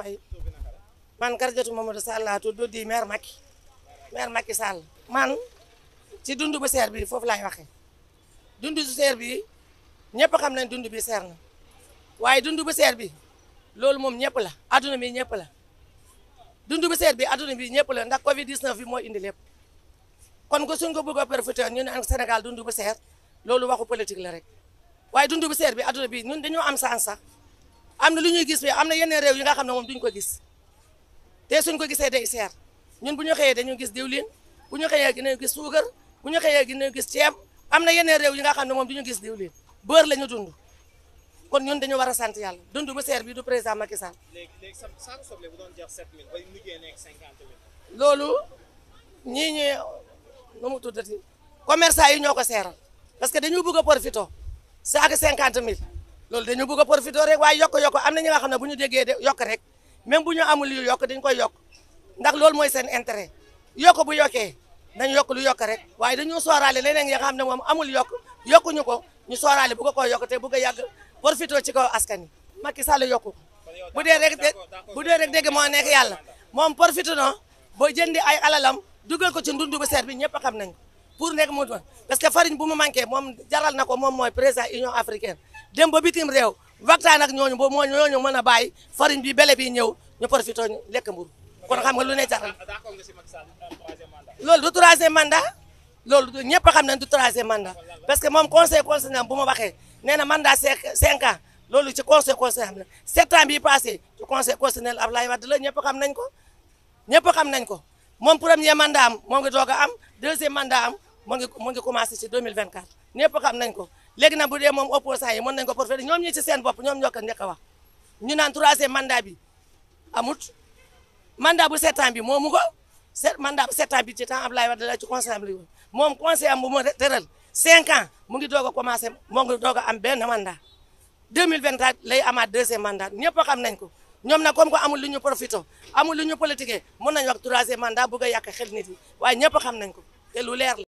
fay man Kardiatou Mamadou Sall laa tudd di maire Macky maire Macky Sall man ci dund bu seer bi foofu la waxee dund seer bi ñëpp xam nañ dund bi seer na waaye dund bu seer bi loolu moom ñëpp la adduna bi ñëpp la dund seer bi adduna bi ñëpp la ndax Covid 19 bi moo indi lépp kon ko suñ ko bëgg ñu ne Sénégal dund bu seer loolu waxu politique la rek waaye dund seer bi adduna bi ñun dañoo am sens sax. am na lu ñuy gis mais am na yeneen réew yi nga xam ne moom duñ ko gis te suñ ko gisee day seer ñun bu ñu xëyee dañu gis diwlin bu ñu xëyee dinañu gis suukar bu ñu xëyee dinañu gis ceeb am na yeneen réew yi nga xam ne moom ñu gis diwlin bër la ñu dund kon ñun dañu war a sant yàlla dund bu seer bi du président Macky Sall. léegi léegi saako soble bu doon jox loolu ñii ñuy nu mu tuddati commerçant yi ñoo ko seeral parce que dañu bëgg a profito saako 50000. loolu dañu bëgg a profité rek waaye yokk yokk am na ñi nga xam ne bu ñu déggee de yokk rek même bu ñu amul yu yokk dañ koy yokk ndax loolu mooy seen intérêt yokko bu yokkee dañ yokk lu yokk rek waaye dañoo sooraale leneen nga xam ne moom amul yokk yokkuñu ko ñu sooraale bu ko koo yokk te bëgg a yàgg profité ci kaw askan wi Macky Sall yokku bu dee rek bu dee rek dégg moo nekk yàlla moom profité na ba jëndi ay alalam dugal ko ci ndundu bu seet bi ñëpp xam nañ pour nekk mu doon parce que farine bu mu manqué moom jaral na ko moom mooy président union africaine dem ba bitim réew waxtaan ak ñooñu boobu moo ñooñu mën a bàyyi farine bi bele bi ñëw ñu profité ñu lekk mburu kon xam nga lu ne jaral loolu du troisième mandat loolu ñëpp xam nañ du troisième mandat parce que moom conseil constitutionnel bu ma waxee nee na mandat cinq ans loolu ci conseil constitutionnel am na sept ans bii passé ci conseil constitutionnel Abdoulaye Wade la ñëpp xam nañ ko ñëpp xam nañ ko moom premier mandat moo ngi doog a am deuxième mandat am mu ngi mu ngi commencé ci 2024 ñëpp xam nañ ko léegi nag bu dee moom opposant yi mën nañ ko portefeuille ñoom ñi ci seen bopp ñoom ñoo ko njëkk a wax ñu naan troisième mandat bi amut mandat bu sept ans bi moomu ko set mandat bu sept ans bi ci temps Abdoulaye Wade la ci conseil am li woon moom conseil am bu mu tëral cinq ans mu ngi doog a commencé moo ngi doog a am benn mandat 2024 lay amaat deuxième mandat ñëpp xam nañ ko ñoom nag comme que amul lu ñu profito amul lu ñu politiqué mën nañ wax troisième mandat bëgg a yàq xel nit yi waaye ñëpp xam nañ ko te lu leer la